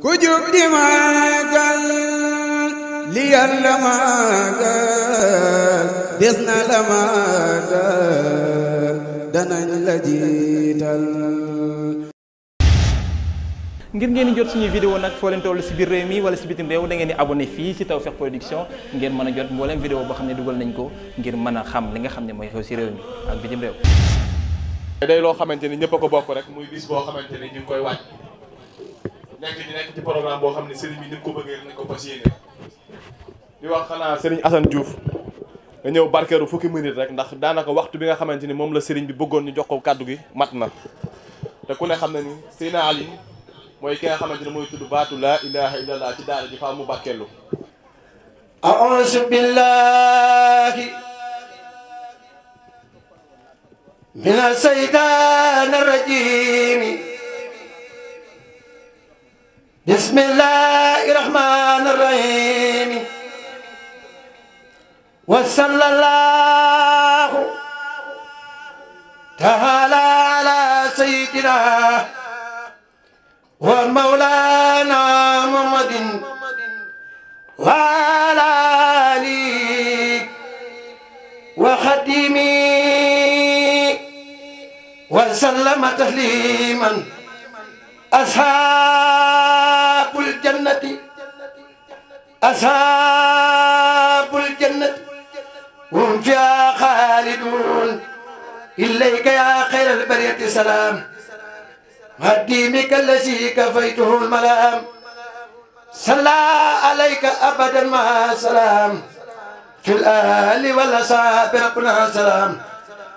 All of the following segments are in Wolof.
ku jug di màggal li Yàlla màggal des na la màggal danañ la jiital ngir ngeen jot suñuy vidéo nag foo leen toll si biir réew mi wala si bitim réew da ngeen di abonné fii si Tawfekh Production ngeen mën a jot mbooleem vidéo boo xam ne dugal nañ ko ngir mën a xam li nga xam ne mooy xew si réew mi ak bitim réew. day loo xamante ni ñëpp a ko bokk rek muy bis boo xamante ni ñu ngi koy wàcc. nekk ñu nekk ci programme boo xam ne sëriñ bi ni ko bëggee nañ ko fas yéene di wax xanaa sëriñ Assane Diouf nga ñëw barkeeru fukki minute rek ndax daanaka waxtu bi nga xamante ni moom la sëriñ bi bëggoon ñu jox ko kàddu gi mat na te ku ne xam na ni Seydina Ali mooy ki nga xamante ne mooy tudd baatu laa ilaha illallah ci daara ji faa mu barkeelu أعوذ بالله من الشيطان الرجيم بسم الله الرحمن الرحيم وصلى الله تعالى على سيدنا ومولانا محمد وعلى آله وخديمه وسلم تسليما أصحاب الجنة أصحاب الجنة هم فيها خالدون إليك يا خير البرية سلام قديمك الذي كفيته الملام صلى عليك أبدا مع سلام في الأهل والأصحاب ربنا سلام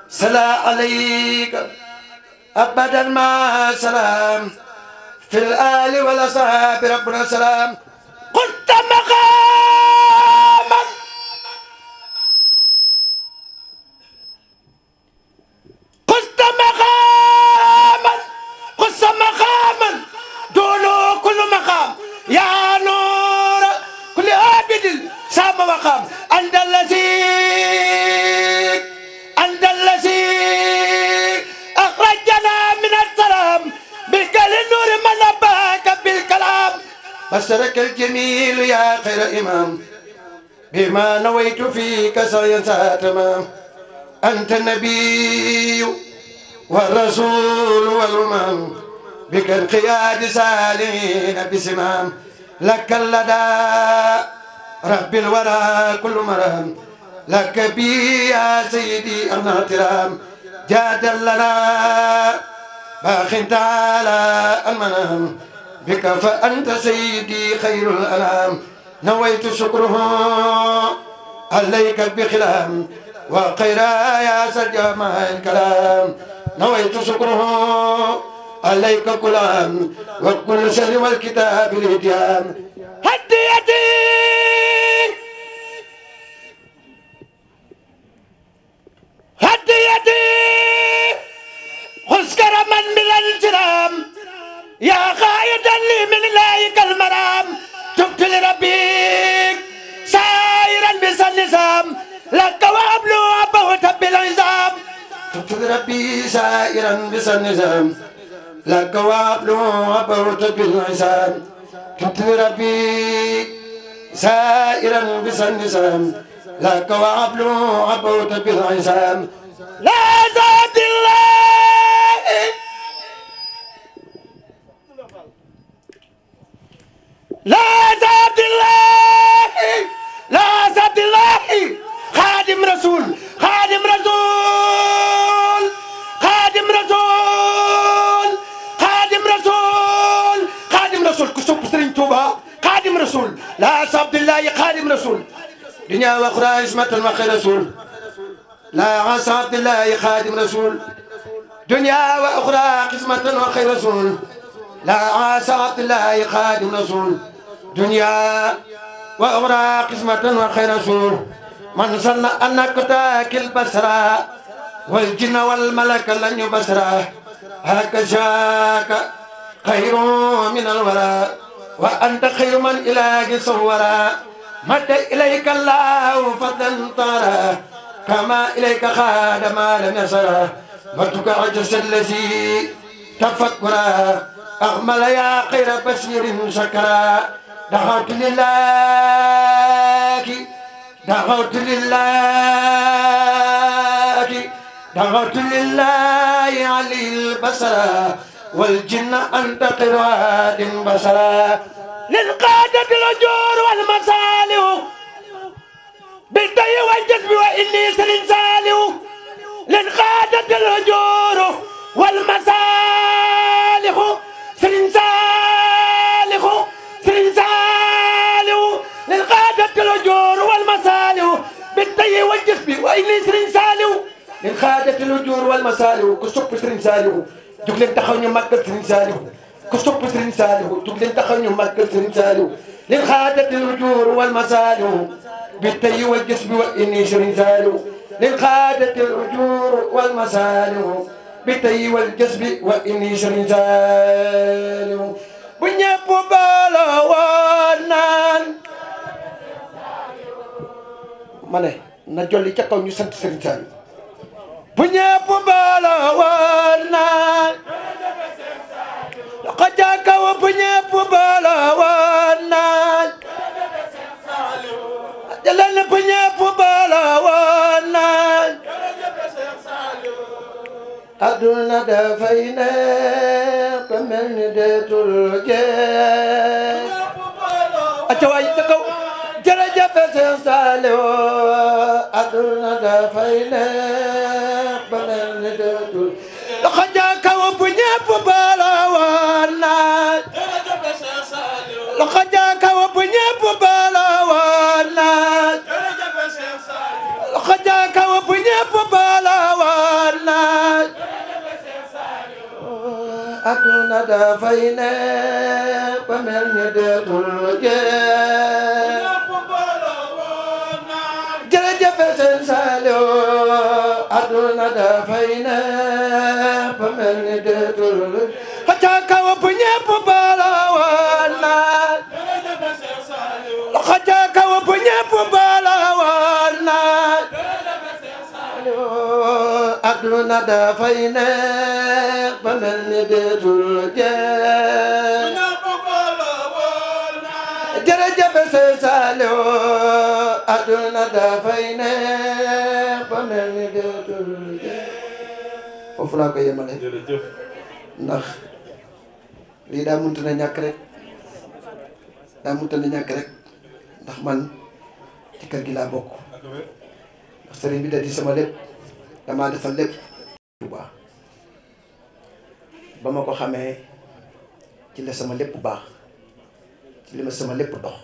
صلى عليك أبدا مع سلام في الآل والأصحاب ربنا السلام قلت مقاما قلت مقاما قلت مقاما دونه كل مقام يا نور كل عابد سام مقام أشرك الجميل يا خير إمام بما نويت فيك سينسى تمام أنت النبي والرسول والأمم بك انقياد سالمين بسمام لك اللدى رب الورى كل مرام لك بي يا سيدي أنا اغترام جاد لنا باخ تعالى المنام بك فأنت سيدي خير الأنام نويت شكره عليك بخلام وخيرا يا سجى مع الكلام نويت شكره عليك كلام وكل شر والكتاب الاتيان هديتي هديتي خذ كرما من الجرام يا غاية لي من لايك المرام تبت لربيك سائرا بسنسام لك وابل وابوت بالعزام تبت لربي سائرا بسنسام لك وابل وابوت بالعزام تبت لربي سائرا بسنسام لك وابل وابوت بالعزام لا laa sabdillahi laa sabdillahi xaadim rasul xaadim rasul xaadim rasul xaadim rasul xaadim rasul ku sopp Sëriñ Tuuba xaadim rasul laa sabdillahi xaadim rasul dunya wa uxra ismatan wa xayr rasul laa sabdillahi xaadim rasul dunya wa uxra ismatan wa xayr rasul laa sabdillahi xaadim rasul دنيا وأخرى قسمة وخير سور من سن أنك تاكل البصرة والجن والملك لن يبصرة هكذاك خير من الورى وأنت خير من إلهك صورا متى إليك الله فضلا طارا كما إليك خاد ما لم يسرا مرتك عجز الذي تفكرا أغمل يا خير بشير شكرا دعوت لله دعوت لله دعوت لله علي البصر والجن أنت قراد بصر للقادة الأجور والمصالح بالدي والجذب وإني سلسالح للقادة الأجور والمصالح fa inni Serigne Saliou min xaadati lu juur wal masaalihu ku sopp Serigne Saliou jug leen taxaw ñu màggal Serigne Saliou ku sopp Serigne Saliou jug leen taxaw ñu màggal Serigne Saliou min xaadati lu juur wal masaalihu bi tey wal gis bi wa inni Serigne Saliou min xaadati lu juur wal masaalihu bi tey wal gis bi wa inni Serigne Saliou bu ñëpp booloo woon naan ma ne na jolli ca kaw ñu sant Serigne bu ñëpp mbooloo woon naa loxo ca kaw bu ñëpp mbooloo woon naa jëleen bu ñëpp mbooloo woon naa adduna dafay neex ba mel ni deetul jeex ca kaw تنسالي أدرنا دفينا بنا ندتو لخجاك وبني ببالا وانا لخجاك وبني ببالا وانا لخجاك وبني ببالا وانا أدرنا دفينا بنا ندتو الجيل na dafay neex ba mel ni déetul ba mel ni déetul jeex foofu laa ko ndax lii daa mënut na ñàkk rek daa mënut na ñàkk rek ndax man ci kër gi laa bokk ndax sëriñ bi da di damaa defal lépp Touba ba ma ko xamee ci la sama lépp baax ci li ma sama lépp dox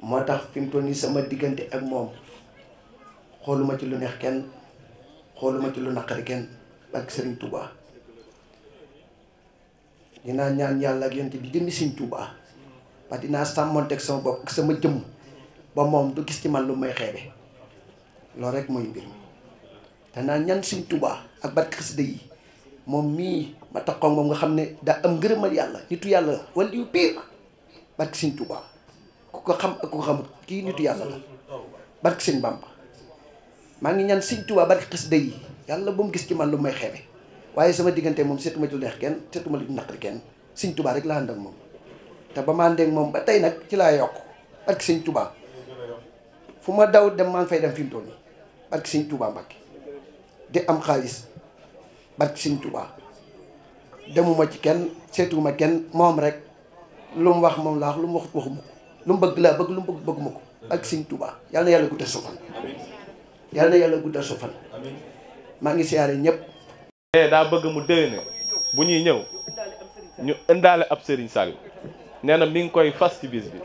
moo tax fi mu toll nii sama diggante ak moom xooluma ci lu neex kenn xooluma ci lu naqari kenn ak Serigne Touba dinaa ñaan yàlla ak yonte bi jëmmi Serigne Touba ba dinaa sàmmonteeg sama bopp ak sama jëmm ba moom du gis ci man lu may xeebe loolu rek mooy mbir danaa ñan suñ tubaa ak barke xasida moom mii ma taxaw moom nga xam ne daa am ngërëmal yàlla nitu yàlla la wala yu tubaa ku ko xam ak ku ko xamut maa ngi ñaan suñ tubaa barke xasida yi yàlla bu mu gis ci man lu may xeebe waaye sama diggante moom seetuma lu neex kenn seetuma lu naqari kenn suñ rek laa moom te ba ma moom ba tey nag ci laa yokk barke suñ fu ma daw dem maa fay dem fi mu toll nii barke suñ tubaa Mbàkke te am xaalis barke Sëñ demuma ci kenn seetuma kenn moom rek lu mu wax moom laa wax lu mu wax waxuma ko lu mu bëgg laa bëgg lu mu bëgg bëgguma ko ak Sëñ Tuubaa yal na yàlla guddal sa fan yal na yàlla guddal sa fan maa ngi siyaare ñëpp ne eh, daa bëgg mu déwéne bu ñuy ñëw ñu indaale ab Serigne Saliou nee na mi ngi koy fas ci bis bi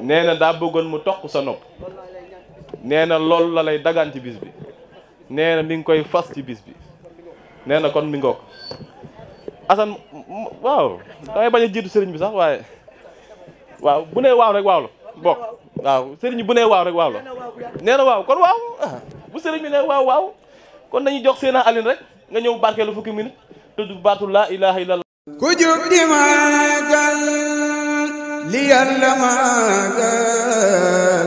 nee na daa bëggoon mu toq sa nopp nee na loolu la lay dagaan ci bis bi nee mi ngi koy fas ci bis bi nee na kon mi ngoog Assane waaw damay bañ a jiitu sëriñ bi sax waaye waaw bu nee waaw rek waaw la bokk waaw sëriñ bi bu nee waaw rek waaw la nee na waaw kon waaw ah, bu sëriñ bi nee waaw waaw kon dañuy jox seen alin rek nga ñëw barkeelu fukki minute tudd baatu laa ilaha illallah ku jug di màggal li la màggal